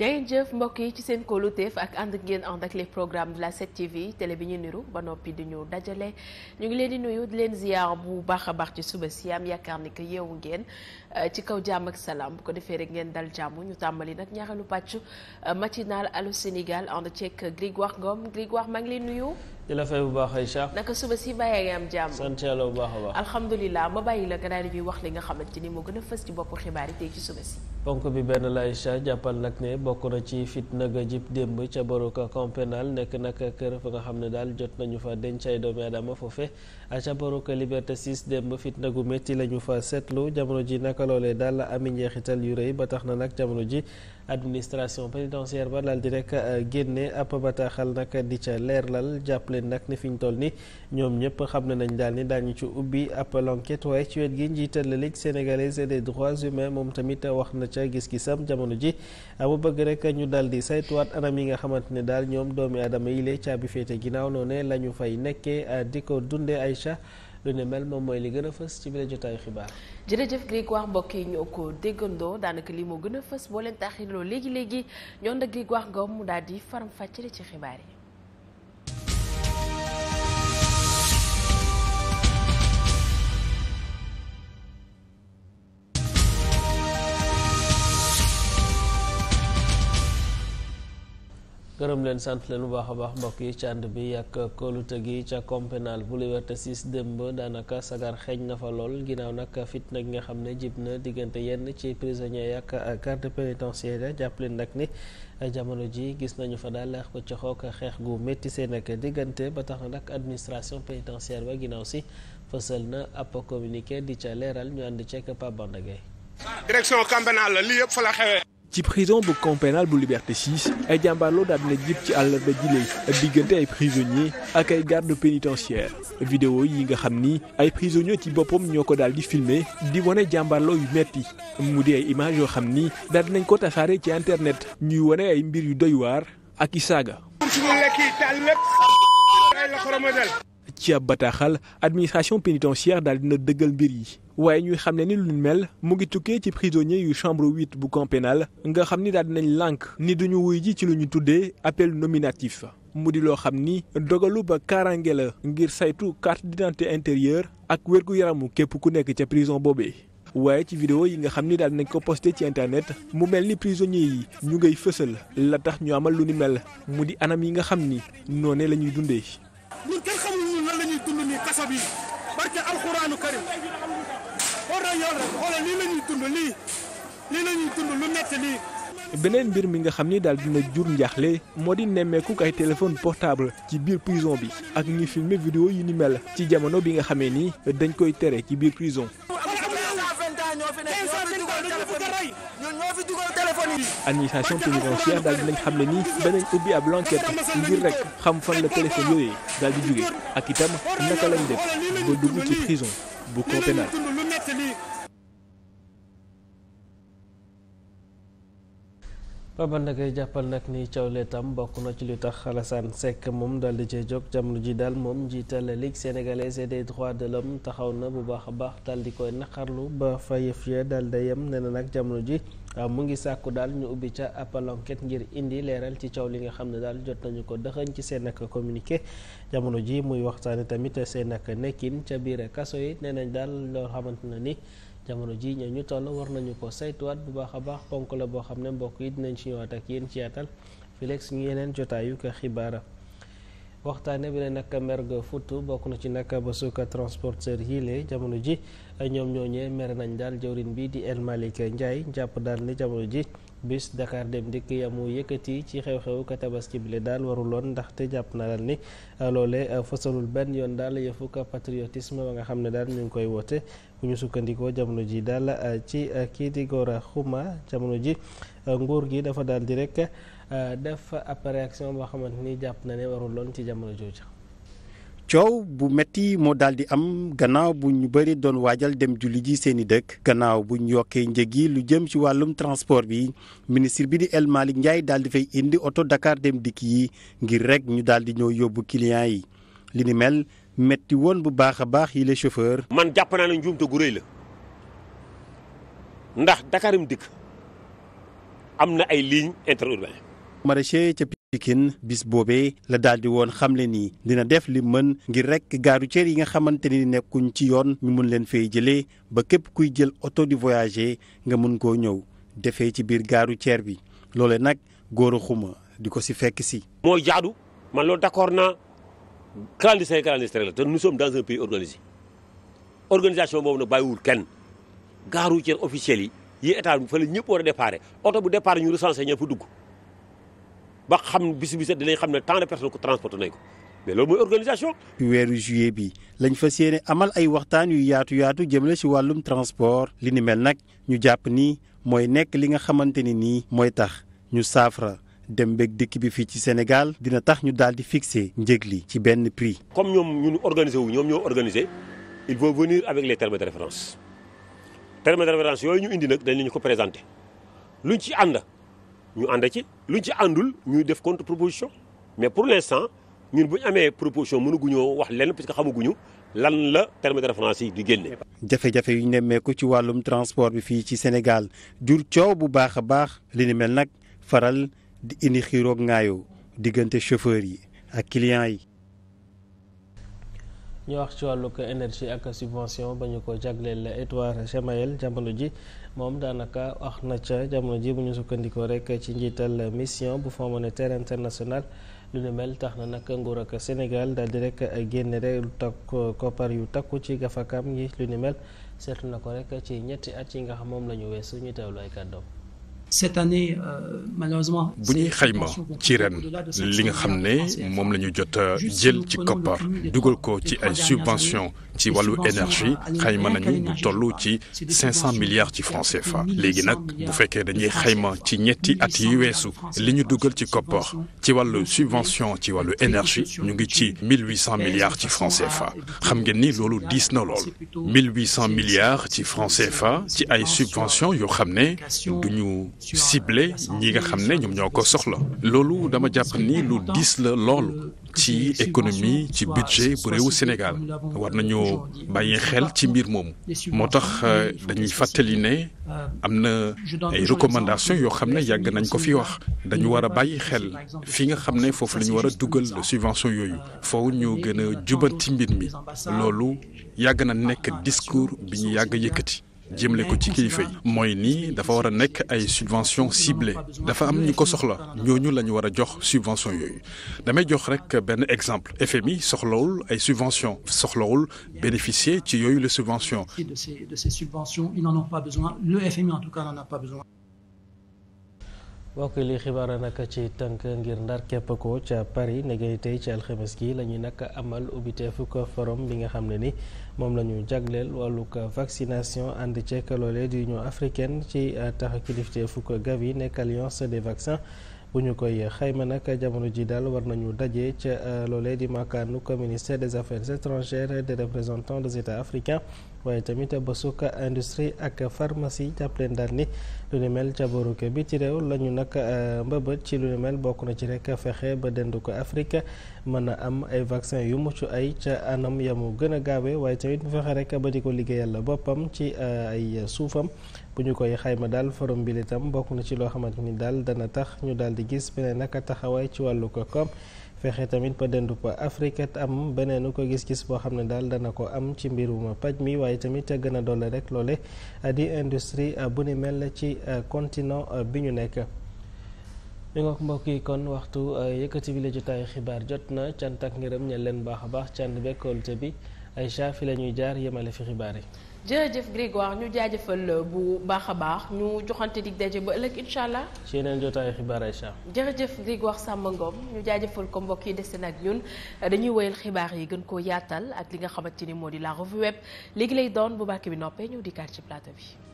jangeen jëf mbokk yi ci seen kóoluteef ak ànd ak ngeen ànd ak les programmes de la 7TV télé bi ñu niru ba noppi di ñu dajale ñu ngi leen di nuyu di leen ziar bu baax baax ci suba si am yaakaar ni que yeewu ngeen euh, ci kaw jàmm ak salaam bu ko defee rek ngeen dal jàmm ñu tàmbali nag ñaareelu pàccu euh, matinal Allô Sénégal ànd ceeg Grégoire Ngom Grégoire maa ngi lay nuyu. di la fay bu baax Aïcha naka suba si bàyyi nga am jàmm sant yàlla bu baax a baax la nga wax li nga xamante ni moo gën a fës ci bopp xibaar yi tey suba si ponk bi benn la Aïcha jàppal nag ne bokk na ci fitna ga jib démb ca baruka camp nekk nag kër fa nga xam ne daal jot nañu fa denc ay doomi aadama foofe ca baruka liberté 6 démb fitna gu métti la ñu fa seetlu jamono ji naka loolee daal la ami njeexital yu rëy ba tax na nag jamono ji administration pénitentiaire ba daal di rek euh, génne ab bataaxal nag di ca leerlal jàppale nag ni fi ñu toll ni ñoom ñëpp xam ne nañ daal ni daañu ci ubbi ab l'enquête waaye ci wet gi njiital la Ligue sénégalaise des droits humains moom tamit wax na ca gis-gisam jamono ji mu bëgg rek ñu daal di saytuwaat anam yi nga xamante ne daal ñoom doomi aadama yi lee caabi féete ginnaaw noonu la ñu fay nekkee di ko dundee Aïcha lu ne mel moom mooy li gën a fës ci biir jotaayu xibaar. jërëjëf Grégoire mbokk yi ñoo ko déggandoo daanaka li moo gën a fës boo leen léegi léegi ñoom da Grégoire Ngom mu daal di faram fàccale ci xibaar yi. gërëm leen leen bu baax a baax mbokk yi ci ànd bi ak kóolute gi ca compénal bu Liberté 6 daanaka sagar xeeñ na fa lool ginnaaw nag fitna gi nga xam ne jib na diggante yenn ci prisonniers ak garde pénitentiaire jàpp leen nag ni jamono ji gis nañu fa daal ko ci xook xeex gu métti seen ak diggante ba tax na nag administration pénitentiaire ba ginnaaw si fësal na ab communiqué di ca leeral ñu ànd ceeg Pape Bandagay. direction ci prison bu camp pénal bu liberté 6 ay jàmbaarloo daal dina jib ci àllarba jile diggante ay prisonniers ak ay garde pénitentiaire vidéo yi nga xam ni ay prisonniers ci boppam ñoo ko daal di filmer di wane jàmbaarloo yu metti mu di ay image yoo xam ni daal dinañ ko tasaare ci internet ñuy wone ay mbir yu doy waar ak i saaga. ci ab bataaxal administration pénitentiaire daal dina dëggal mbir yi waaye ñuy xam ne ni luñ mel mu ngi tukkee ci prisonnier yu chambre huit bu camp nga xam ni daal dinañ lànk ni duñu wuy ji ci lu ñu tuddee appel nominatif mu di loo xam ni dogalu ba kaaraange ngir saytu carte d'identité intérieure ak wér yaramu képp ku nekk ca prison boobee waaye ci vidéo yi nga xam ni daal nañ ko posté ci internet mu mel ni prisonnier yi ñu ngay fësal la tax ñu amal lu ni mel mu di anam yi nga xam ni noone la ñuy dundee dund beneen mbir mi nga xam ni daal dina jur njaaxle moo di nemmeeku ay téléphone portable ci biir prison bi ak ñi filmer vidéo yu ni mel ci jamono bi nga xamee ni dañ koy tere ci biir prison. administration pénitentiaire daal dinañ xam ne nii danañ ubbi ab enquête ngir rek xam fan la téléphone yooyu daal di jóge ak itam naka lañ def ba dugg ci prison bu Camp pénal Fapal nag ay jàppal nag ni cawle tam bokk na ci lu tax Alassane Seck moom daal di cee jóg jamono ji daal moom njiital Ligue sénégalaise des droits de l'homme taxaw na bu baax a baax daal di koy naqarlu ba fa yëf ya daal day yem nee na nag jamono ji ah, mu ngi sàkku daal ñu ubbi ca ab ngir indi leeral ci coow li nga xam ne daal jot nañu ko dëxëñ ci seen ak communiqué jamono ji muy waxtaan waxtaane tamit seen ak nekkin ca biir kaso yi nee nañ daal loo xamante na ni. jamono ji ñoo ñu toll war nañu ko saytuwaat bu baax a baax ponk la boo xam ne mbokk yi dinañ ci ñëwaat ak yéen ci yaatal filex ñu yeneen jotaayu ko xibaara waxtaane bi ne nag mer ga bokk na ci nag ba suka transporteur yi lee jamono ji ñoom ñooñee mer nañ daal jawrin bii di El Malick jàpp daal ne jamono ji bis Dakar dem dikk yamu yëkkati ci xew-xewu ka tabaski bi le daal waruloon ndaxte jàpp na daal ni loole fësalul benn yoon daal yëfu ka patriotisme nga xam ne daal ñu koy woote bu ñu sukkandikoo jamono ji daal uh, ci uh, kii di a Khouma jamono ji uh, nguur gi dafa daal di rek def ab réaction boo xamante ni jàpp na ne warul loon ci jamono jooju. coow bu metti moo daal di am gannaaw bu ñu bëri doon waajal dem julli ji seeni dëkk gannaaw bu ñu yokkee njëg yi lu jëm ci wàllum transport bi ministre bi di El Malick Ndiaye daal di fay indi oto Dakar dem dikk yi ngir rek ñu daal di ñëw yóbbu clients yi li ni mel metti woon bu baax a baax yi les chauffeurs. man jàpp naa ne njuumte gu rëy la ndax Dakarim dikk am na ay lignes interurbain maraîcher ca Pikine bis boobee la daal di woon xamle ni dina def li mën ngir rekk gaaru cër yi nga xamante ni nekkuñ ci yoon ñu mun leen fay jëlee ba képp kuy jël oto di voyager nga mun koo ñëw defee ci biir gaaru cër bi loole nag góoraxuma di ko si fekk si. moo jaadu man loolu d'accord naa clandestin yi clandestin la te nous sommes dans un pays organisé organisation boobu nag bàyyiwul kenn gaaru routière officielle yi yi état bi fa la ñëpp war a départ oto bu départ ñu recensé ña fa dugg ba xam bis bi set dinañ xam ne tant de personnes ko transporté nañ ko mais loolu mooy organisation. weeru juillet bi lañ fa yéene amal ay waxtaan yu yaatu yaatu jëmale si wàllum transport li ni mel nag ñu jàpp nii mooy nekk li nga xamante ni nii mooy tax ñu saafara. dem beeg dikk bi fii ci Sénégal dina tax ñu daal di fixer njëg li ci benn prix. comme ñoom ñun organiser wu ñoom ñoo organiser il faut venir avec les termes de référence termes de référence yooyu ñu indi nag dañ nañu ko présenter luñ ci ànd ñu ànd ci luñ ci àndul ñuy def contre proposition mais pour l'instant ñun buñ amee proposition mënaguñoo wax lenn parce que xamaguñu lan la terme de référence yi di génne. jafe-jafe yu ñu nemmeeku ci wàllum transport bi fii ci Sénégal jur coow bu baax a baax li mel nag faral di indi xiiroog ngaayo diggante chauffeur yi ak clients yi. ñu wax ci wàllug énergie ak subvention ba ñu ko jagleel Edouard Chemayel jamono ji moom daanaka wax na ca jamono ji bu ñu sukkandikoo rek ci njiital mission bu Fonds monétaire international lu ne mel tax na nag nguur ak Sénégal daal di rek génne rek lu takk koppar yu takku ci gafakam ngi lu ne na ko rek ci ñetti at yi nga xam moom la ñu weesu ñu ay kàddoom. cette année euh, malheureusement. bu ñuy xayma ci ren li nga xam ne moom la ñu jot jël ci koppar dugal ko ci ay subventions ci wàllu énergie xayma nañu ñu toll ci cinq cent milliards ci francs CFA. léegi nag bu fekkee dañuy xayma ci ñetti at yi weesu li ñu dugal ci koppar ci wàllu subvention ci wàllu énergie ñu ngi ci mille huit cent milliards ci francs CFA. xam ngeen ni loolu diis na lool mille huit cent milliards ci francs fa ci ay subventions yoo xam ne ñu ciblé ñi nga xam ne ñoom ñoo ko soxla. loolu dama jàpp ni lu diis la loolu ci économie ci budget bu réewu Sénégal war nañu bàyyi xel ci mbir moomu. moo tax euh, dañuy fàttali ne am na ay recommandations yoo xam ne yàgg nañ ko fi wax dañu war a bàyyi xel fi nga xam ne foofu lañu war a dugal subvention yooyu. foofu ñu gën a jubanti mbir mi loolu yàgg na nekk discours bi ñu yàgg yëkkati. jëmle ko ci kilifa yi mooy nii dafa war a nekk ay subvention ciblée dafa am ñu ko soxla ñooñu la ñu war a jox subvention yooyu damay jox rek benn exemple FMI soxlawul ay subvention soxlawul bénéficier ci yooyu les subventions de ces subventions le FMI en tout cas n'en a mbokk li xibaar nag ci tënk ngir ndar képp ko ca Paris négéey tey ci alxames gi la ñuy nag amal ubbiteef fukk forom bi nga xam ne ni moom la ñu jagleel wàllug vaccination ànd ceek loolee di Union africaine ci tax kilifteefu ko Gavi nekk alliance des vaccins bu ñu koy xayma nag jamono ji daal war nañu daje ca euh, loolee di màkkaanu ko ministère des affaires étrangères et des représentants des états africains waaye tamit basuka industrie ak pharmacie jàppaleen daal ni lu ni mel ca boruke bi ci réew la ñu nag euh, mbëbët ci lu ni mel bokk na ci rek fexe ba dend ko Afrique mën a am ay vaccin yu mucc ay ca anam yamu gën a gaawee waaye tamit mu fexe rek ba di ko liggéeyal boppam ci euh, ay suufam bu koy xayma daal forum bi itam bokk na ci loo xamante ni daal dana tax ñu daal di gis beneen naka taxawaay ci wàllu ko fexe tamit ba dendu pa am beneen ko gis-gis boo xam ne daal dana ko am ci mbirum paj mi waaye tamit gën a doole rek loole di industrie bu ni mel ci continent bi ñu nekk. ñu nga mbokk yi kon waxtu euh, yëkkati bi la jotaayu xibaar jot na cant ak ngërëm ña leen baax a baax cant bekkolte bi ay chaafi la ñuy jaar yemale fi xibaar yi. jërëjëf Grégoire ñu jaajëfal bu baax a baax ñu joxante dig daje ba ëllëg incha allah. ci yeneen jotaayu xibaar Aïcha. jërëjëf Grégoire Samba ngoom ñu jaajëfal ko mbokk yi dese nag ñun dañuy woyal xibaar yi gën koo yaatal ak li nga xamante ni moo di la revue web léegi lay doon bu bàkk bi noppee ñu dikkaat ci plateau bi.